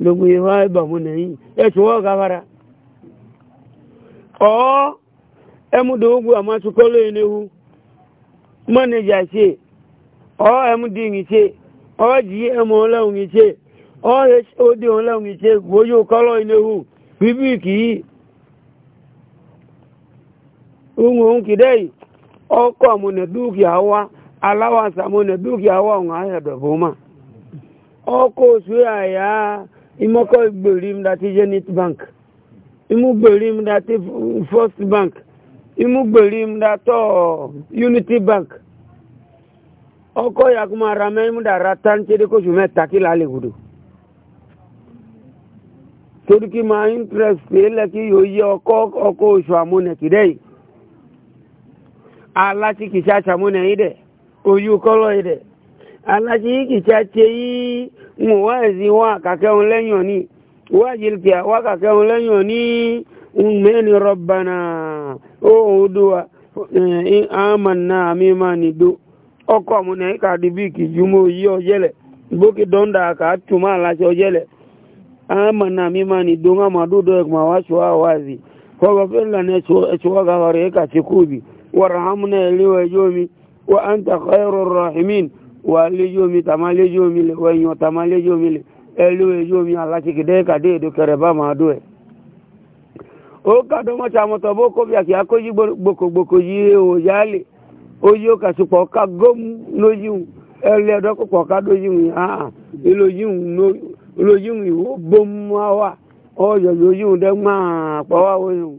gbogbo ìwà ìbàmù nìyí ẹ̀tù wọ́n gafara ọ̀ ẹmúdò ogwu àmásùkọ́lọ́ ìnehu mọ́nẹjà ṣe ọ̀ ẹmúdì ìṣe ọ̀ jí ẹmọ ọlọ́run ìṣe ọ̀ òdì ọlọ́run ìṣe gbójú kọ́lọ́ ìnehu bíbí kìí ohun ohun kìdẹ́ yìí ọkọ̀ àmúnẹ dúkìá wa aláwàsàmúnẹ dúkìá wa ọ̀hún ma ọkọ̀ òṣù àyà. imoko igberim dati zenith bank imu gberim dati first bank imu gberim dato unity bank ọkọ ya kuma rame imu da rata n cede koṣù mẹta kí lálẹ gudu torí kí máa interest lẹ kí yóò yẹ ọkọ ọkọ oṣù amúnẹ kìdẹ yìí aláti kìí ṣe aṣàmúnẹ yìí dẹ oyú kọlọ yìí dẹ aláti kìí ṣe àti yìí wọn wá ẹ̀sìn wọn àkàkẹ́wọn lẹ́yìn òní wọ́n àjẹlẹ̀kì àwọn àkàkẹ́wọn lẹ́yìn òní mẹ́ni rọ́bànà ó òdùwà àmàna àmìmánidó ọkọ̀ àmúnà ẹ̀ka àdìbí kìjúmọ́ yí ọjẹ́lẹ̀ gbókè dọ́ndà àkàtúmọ̀ àlàṣẹ ọjẹ́lẹ̀ àmàna àmìmánidó ń àmàdúdó ẹ̀kùnmọ̀ àwáṣọ àwáṣì فاغفر لنا اشواق غريك wa lejo mi tama lejo mi le wa yon tama lejo mi le elu ejo mi ala ti kide ka de do kere ba ma do e o ka do mo cha mo to bo ko bi aki akoji gboko gboko yi e o yale o gom no yiun ele do ko po ka do yiun ah ilo e yiun no ilo bom wa o yo yo yiun de ma pa wa wo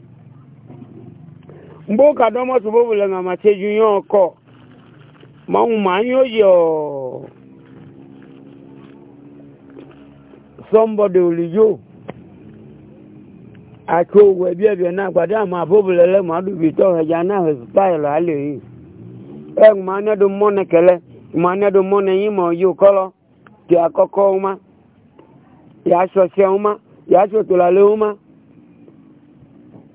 mboka domo subobu la ngama cheju nyoko maumanyo yo somebody will you acho webi ebi na gbada ma bobu lele ma du bi na style ale yi e na do mone kele ma na do mone yin mo yo kolo ti akoko uma ya so se ya so to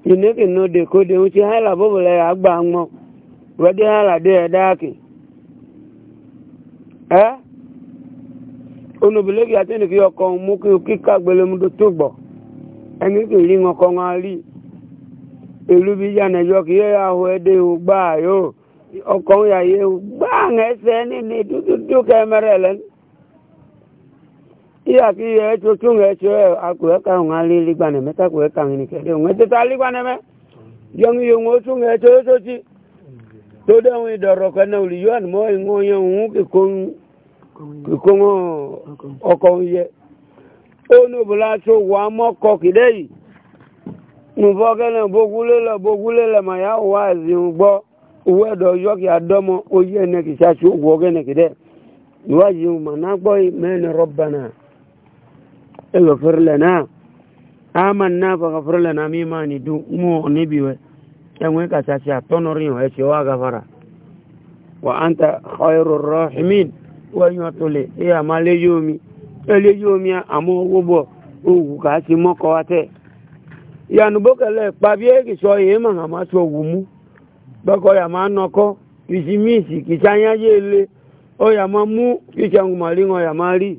ineke no de ko de uti hala bobo ya agba mo wede hala de da ki eh ono bele ki atene ki oko ọkọ ki ki ka gbele mu do to gbo eni ki ri ri ya na yo ki oh. ya ahụ ede ya u gba iya ki ye to chung ye che aku ka nga li li ba ne me ta ku ka ni ke de ta li ba ne me yang yo ngo chung ye che to chi to de wi do ro ka no li yan mo ngo ye ngu ki kon ki kon o ko ye o no bla so wa mo ko ki de yi mo bo ke le bo gule le bo zi gbo uwe do yo ki adomo o ye ne ki sa chu wo ke ne ki de wa yi ma اغفر لنا آمنا فغفر لنا مما ندو مو نبيوه كمو كاساسيا تنورين ويشوا غفرا وأنت خير الراحمين ويوتولي يا ماليومي eléyìí àmọ́ owó bọ̀ òwú kà á ti mọ́kọ wa tẹ̀. ìyanu bókẹ́lẹ̀ pàbí èkì sọ èyí mà hàn má sọ wù mú gbọ́kọ̀ yà má nọkọ́ kìsì míìsì kìsì anyájé ele ó yà má mú kìsì àwọn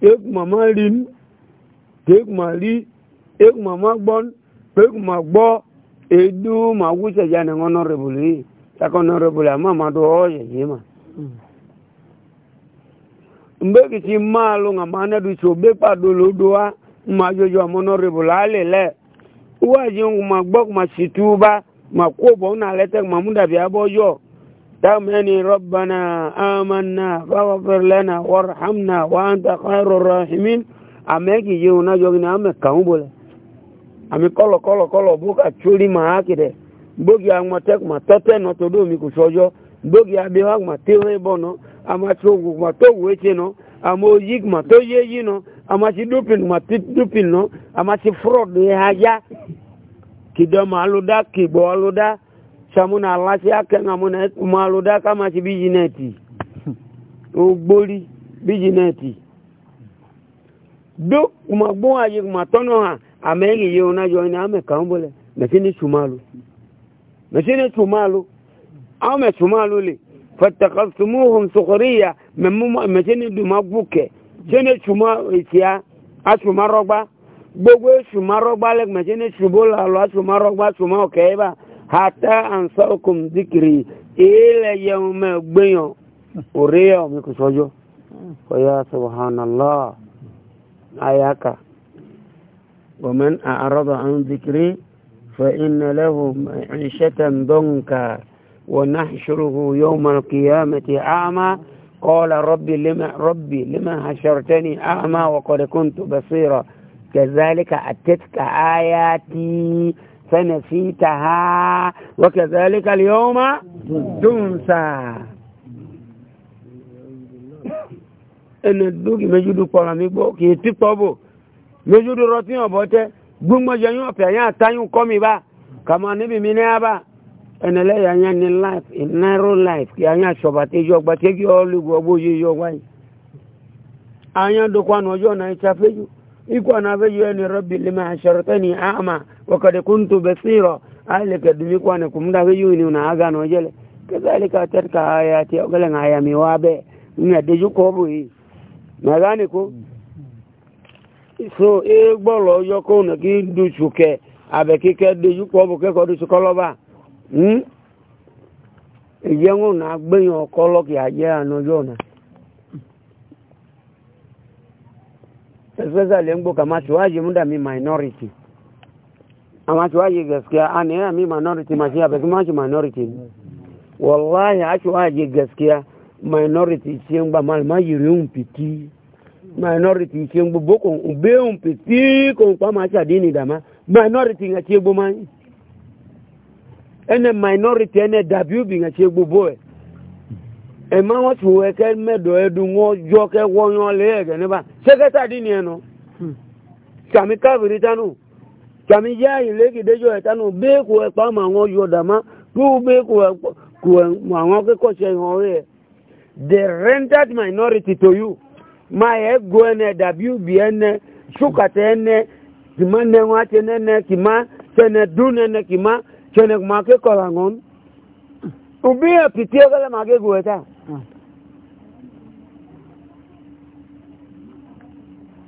ekuma rim ekuma ri ekuma ma gbɔn ekuma gbɔ edu ma wuce ya ne ŋɔnɔ rebolo yi saka ŋɔnɔ ama ma do oye yi ma mbe kisi maa lo ŋa ma ne do so be kpa do lo do wa ma jojo amɔnɔ rebolo ale lɛ wa yi ŋuma gbɔ kuma si tuuba ma ko bɔ ŋuna lɛ tɛ kuma mu dabi abɔ yɔ. تمني ربنا آمنا فاغفر لنا وارحمنا وأنت خير الراحمين أميكي جيونا جوغنا أميك كهوبولا أمي كولو كولو كولو بوكا تشولي ما هكذا بوكي أغمتك ما تتن تتنو تدومي كشوجو بوكي أبيوك ما تيوهي بونو أما تشوغو ما توغويتينو أما أجيك ما توييينو أما تدوبين ما تدوبينو أما تفرود يهاجا كدام ألودا كيبو دا samuna alasi akẹ́nà amúnà màlúdá ká máa ṣe bíjìnẹ́ẹ̀tì ògbórí bíjìnẹ́ẹ̀tì dó kùmà gbóhùn àyè kùmà tọ́nà hàn àmẹ́yìn yìí ọ̀nà yọ ẹni àmẹ́ kàn bọ́lẹ̀ mẹ̀sí ní tùmálù mẹ̀sí ní tùmálù àmẹ́ tùmálù lè fẹ̀tẹ̀kọ̀tùmùhùn sọ̀kọ̀ríyà mẹ̀sí ní dùmágbùkẹ̀ ṣé ní tùmá ìṣíà àtùmárọ́gbá gbogbo ìṣùmárọ́gbá lẹ́gbẹ̀mẹ̀sí ní حتى ansaukum ذكري إلى يوم بيو ore ya mi ko sojo ko ومن أعرض عن ذكري فإن له معيشة ضنكا ونحشره يوم القيامة أعمى قال ربي لما ربي لما حشرتني أعمى وقد كنت بصيرا كذلك أتتك آياتي فنسيتها وكذلك اليوم تنسى ẹnì dúkì méjìdú pọ̀rọ̀ mi gbọ́ kì í títọ́ bò méjìdú rọtí ọ̀bọ̀ tẹ gbúngbọ́jọ yín ọ̀fẹ́ yín àtayún kọ́ mi bá kàmọ́ níbi mi ní abá ẹnì lẹ́yìn ayé ní life in narrow life kì í ayé àṣọba tẹ́jú ọgbà tẹ́jú ọlùgbọ́ ọgbó yíyọ wáyé ayé dọ́kọ́ àná ọjọ́ náà ẹ̀ ṣàfẹ́yù iko anavyo ni rabbi lima asharatani ama wakad kuntu basira alika dumiko na kumda veyu ni unaaga no jele kadhalika katika ayati ogala ngaya miwabe ni adeju kobu hii nadhani ku so e gbolo yoko na ki duchuke abeki ke deju kobu ke ko duchuko loba hmm iyengu na gbeyan okolo ki aje anojo na especially yan boka matuwaji munda mi minority a matuwaji gaskiya a ne mi minority masu yabe kuma minority wallahi a tuwaji gaskiya minority ce ba malama yirin fiti minority ce ba bokon ubeun fiti kun kwama shi adini minority ya ce ene minority ene dabiu bi ya ce ẹ̀má wọn ti wọ ẹ̀kẹ́ mẹ́dọ̀ ẹ̀dùn wọn jọ kẹ́ wọ́yán lé ẹ̀gẹ̀ níbà sẹ́kẹ́tà dín ní ẹnu tàmí káàbìrì tánù tàmí yá ìlẹ́gìdẹ́jọ ẹ̀ tánù bẹ́ẹ̀ kò ẹ̀ àwọn yọ dàmá lóò bẹ́ẹ̀ kò ẹ̀ àwọn akẹ́kọ̀ọ́ ṣe ìhàn rẹ̀ the rendered minority to you máa ẹ̀ go ẹnẹ dàbí ubì ẹnẹ ṣùkàtà ẹnẹ kìmá nẹwọn àti ẹnẹ kìmá tẹnẹ dún ẹnẹ kìmá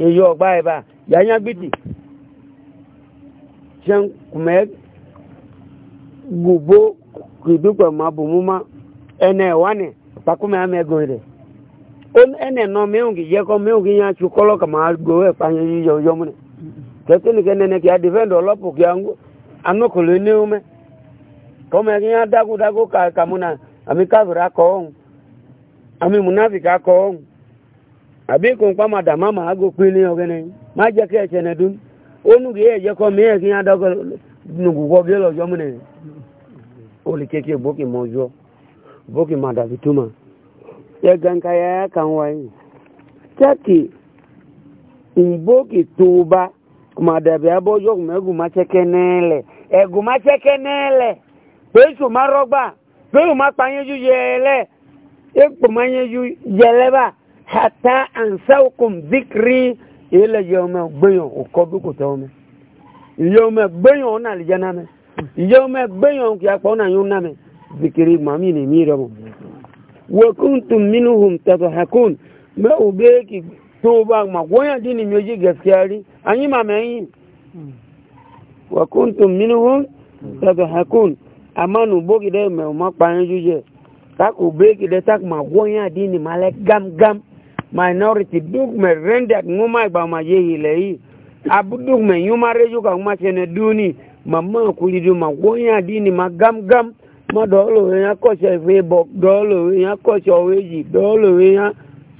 yeyo ọgbà ẹ̀bà yanya gbìtì ṣe ń kùmẹ́ gbogbo kìdúpẹ̀ ma bù múmá ma ẹnẹ ẹ̀wánì pàkúmẹ́ amẹ́gùn rẹ̀ nọ mẹ́hùn kì yẹkọ mẹ́hùn kì yẹn atu kọ́lọ́ kà máa gbó ẹ̀ pa yẹn dìfẹ́ǹdì ọlọ́pù kọ́mẹ́ dágúdágú kà kàmúnà àmì àbí a ń pa màdà má màá gòkú ní ọ̀gẹ́nẹ́ má jẹ́ kí ẹ̀ṣẹ̀ nẹ́dú ó nù kí ẹ̀jẹ̀ kọ́ mí ẹ̀kí adọ́gọ́ nùgùkọ́ gé lọ́jọ́ múnẹ̀ ó lè kéèké bókì mọ́ ọjọ́ bókì màdà fi túmọ̀ ìbókì tó bá abọ́jọ́ ẹ̀gùn má ṣẹ́kẹ́ nẹ́ẹ̀lẹ̀ ẹ̀gùn má ṣẹ́kẹ́ nẹ́ẹ̀lẹ̀ má rọ́gbà má ẹ̀pọ̀ má hata ansaukum dhikri ile yome gbeyan okobi ko to me yome gbeyan na le jana me yome gbeyan ki apo na yun na me dhikri mami ni mi robo wa kuntum minhum tadhakun ma ubeki to ma goyan dini meji gaskiya anyi ma me yin wa kuntum minhum tadhakun amanu bogi de me ma pa yin juje tak ubeki de tak ma goyan dini male gam gam minority dugme rendered nguma ba majehi lei abu dugme nyuma reju ka nguma chene duni mama kulidu magonya dini magam gam ma dolo ya kocha febo dolo ya kocha weji dolo ya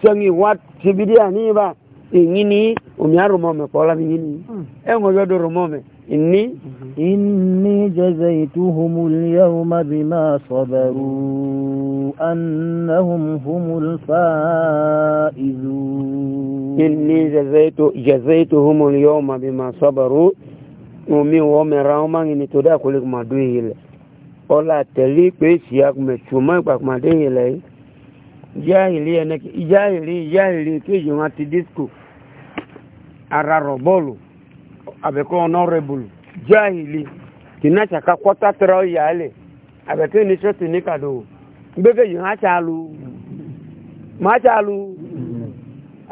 sangi wat sibidia ni ba ingini e umia rumome pola mingini hmm. engo yodo rumome inni hmm. inni jazaituhumul yawma bima sabaru annahum humul faizun inni jazaitu jazaituhumul yawma bima sabaru umi wome rauma ngini toda kulik madui ile ola teli pe siak mechuma kwa kumadei ile jahili eneki jahili jahili kijunga tidisku araro bolu abe honorable ọ nọrọ k'i na-achị ka kpọtụrọ yaa lị. Abe ka ị na-achọ tinika dị o. Mgbe ike yi, achị alụ! Ma achị alụ!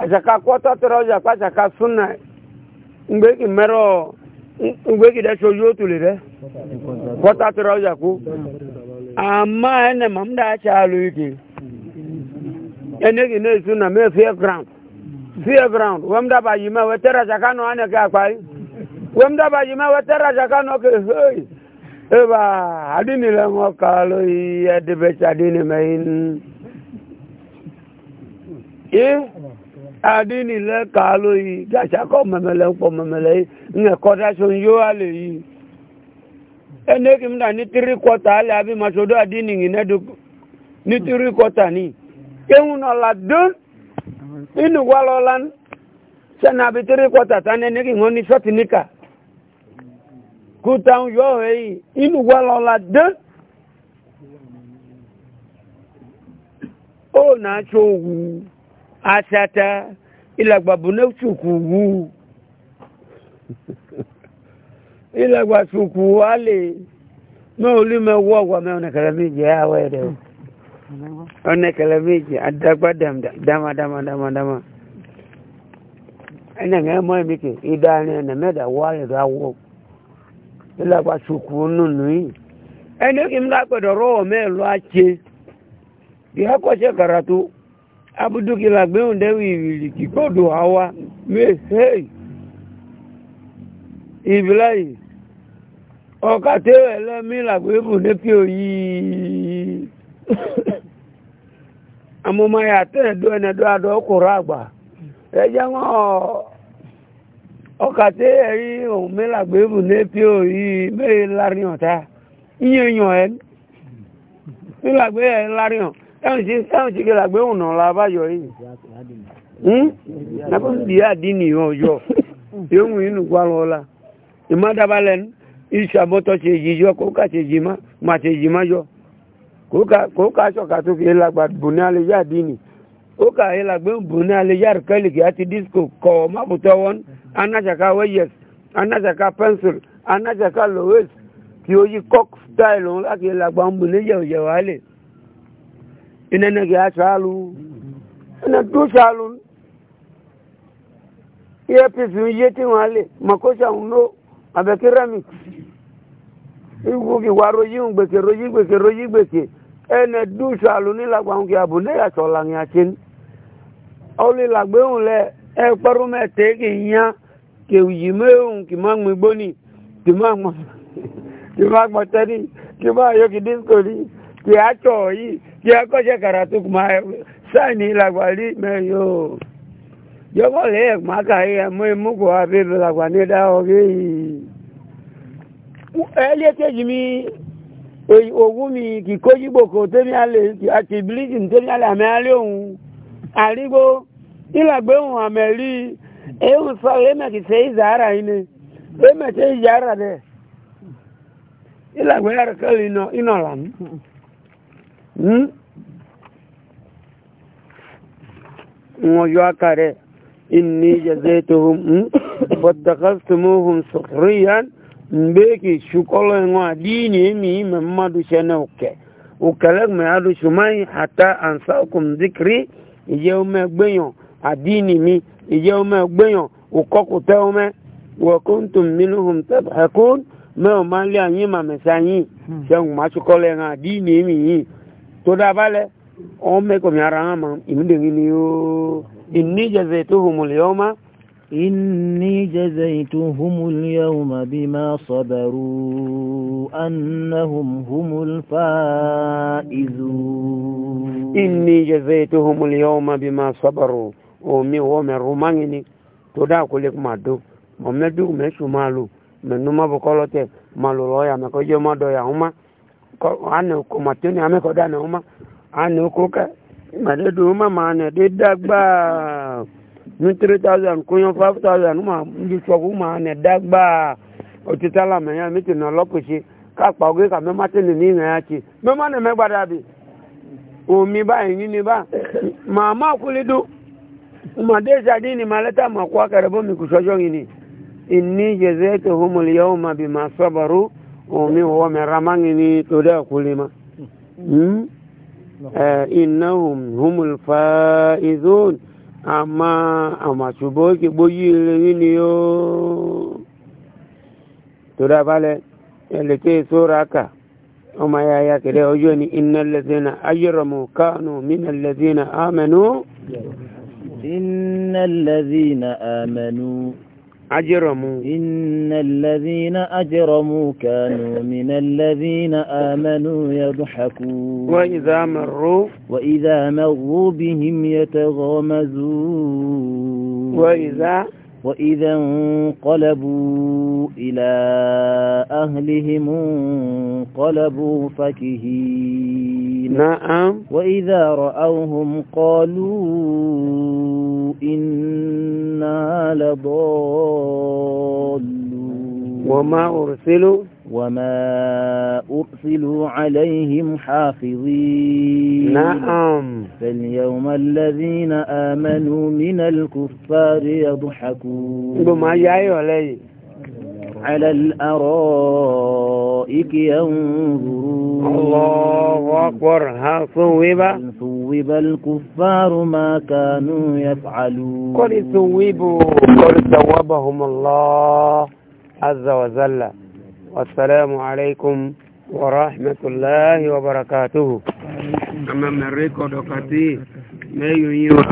A chaka kpọtụrụ yaa kpe achaka sụna, mgbe ike mere ọ, mgbe ike ịda sọ yoo tụle rịa, kpọtụrụ yaa kpụ. Amaa ya na ma mụ daa achị alụ yi ke. I na-eji na-esonụ fear ground wemda ba yima wetera jakano ane ka akwai. wemda ba yima wetera jakano ke hey eba adini le mo kalo ye de be chadini main. e adini le kalo yi jacha ko memele ko memele nge ko da so yo ale yi ene kim da ni three quarter ale abi masodo adini ngine du ni three quarter ni ehun ola don inu gwalolan sana bitiri kwata tane negi ngoni sotinika kutan yo hei inu gwalola de o na cho wu asata ilagba bune chuku wu ilagba chuku wale me oli me wo gwa me onekere mi je awe o ọ̀nẹ́kẹ̀lẹ́ méjì adágbá dama dama dama dama ẹnẹ ń mọ ẹmí kì í dá ẹni ẹnẹ mẹ́ta wọ́ àyẹ̀dọ̀ awọ́ ìlàgbà sùkú nùnú yìí ẹni kì í mú lápẹ̀dọ̀ rọ́ọ̀ mẹ́ẹ̀lú àti bí a kọ́ ṣe kàràtú abuduki la gbẹ́hùn dẹ́wì ìrìlìkì kó dùn àwa mẹ́hẹ́ẹ̀ ìbílẹ̀ yìí ọkà tẹ́wẹ̀ lẹ́mí làgbẹ́bù ní òyìí. amụma ya atọ enedo adọ ọkwụrụ agba eje nwa ọkata eri omelagba ebu na-epi oyi mee larịọ taa inye enyo e. e e hmm? ya ya larịọ yìí nàbọ̀n bí i àdínì ọjọ́ yóò wù inú gbálọ́ọ́lá ìṣàbọ̀tọ̀ kó kà má má ko ka so ka to ke la gba bunya le ya dini o ka he la gbe bunya le ya disco ko ma buto won anaja ka wayes anaja ka pencil anaja ka lowes ki o yi cock style on la ke la gba bunya ye o ye wa le ina ne ke asalu ina du salu ye pe fi ye ti wa le makosa unlo abekirami iwu ki waro ene dusu aluni lagba ŋu kia bu ne ya tsɔ lãŋia tsin ɔli lagbe ŋu lɛ ekpɔɖo mɛ te ke nya ke yi me ŋu ke ma ŋmi gboni ke ma ŋmɔ [LAUGHS] ke ma gbɔ te ɖi ke ma yɔ ke disko ɖi ke atsɔ yi ke akɔtsɛ karatu kuma e, sani lagba li mɛ yoo yɔkɔ lɛ ɛgba ka yi e, ɛmu emu ko abe lagba ne da ɔ ke yi ɛliɛ ke dzi owó mi kì kó yíbò kò tẹ́mi alẹ́ àti ìbílíjì tẹ́mi alẹ́ àmì alẹ́ òun àrígbó ìlàgbé òun àmì rí ehun sọ èmẹ̀kì sẹ́ ìzàárà yìí ni èmẹ̀kì ìzàárà dẹ̀ ìlàgbé yàrá kẹ́lì iná lànà. wọ́n yọ aka rẹ̀ inni jẹ́ zẹ́ tó hùn fọ́tàkàtúmọ̀ sọ̀rọ̀ yìí mbeki shukolo ngwa dini emi ime mmadu shene uke ukelek me adu shumai hata ansaukum zikri ije ume gbeyon adini mi ije ume gbeyon ukokute ume wakuntum minhum tabhakun me o mali anyi ma mesanyi hmm. sheng ma shukolo ngwa dini emi yi to da bale o me ko mi ara ma imde ngini yo inni jazatuhum al yawma إني جزيتهم اليوم بما صبروا أنهم هم الفائزون إني جزيتهم اليوم بما صبروا ومي ومي رومانيني تودا كلك ما ممدو مشو مالو من نما بقولته مالو لويا مكوجي ما دو يا هما أنا كماتوني أنا كودانا هما أنا كوكا ما هما ما أنا دي ní three thousand kóyan five thousand ma ní sọ̀kú ma nẹ̀ dágbà òtítà làmẹ̀yà mi tì nà lọ́kùsí kápá ogé kà ya tì mẹ́má nà mẹ́gbà bi omi báyìí yín ni bá màmá kúlí ni mà kù sọ́jọ́ yìí ni ìní tó yẹ́wò ma bi má sọ́bàrú omi wọ́ mi rama yìí ni ma. fa àmà àmàṣùbọ́ ìkìgbó yí ilé ní ó tó dábálẹ̀ ẹlẹ́kẹ́ sóraka ọmọ ayáyá kẹrẹ ọjọ́ ni iná lẹ́sẹ̀nà ayẹ́rọ̀mù kánù mínà lẹ́sẹ̀nà àmẹ́nu. iná lẹ́sẹ̀nà àmẹ́nu. أجرموا إن الذين أجرموا كانوا من الذين آمنوا يضحكون وإذا مروا وإذا مروا بهم يتغامزون وإذا وإذا انقلبوا إلى أهلهم انقلبوا فكهين نعم وإذا رأوهم قالوا إنا لضالون وما أرسلوا وما أرسلوا عليهم حافظين نعم فاليوم الذين آمنوا من الكفار يضحكون جاي على الأرائك ينظرون الله أكبر هل صوب هل صوب الكفار ما كانوا يفعلون قل صوبوا قل ثوبهم الله عز وجل والسلام عليكم ورحمة الله وبركاته أما من دوكاتي ما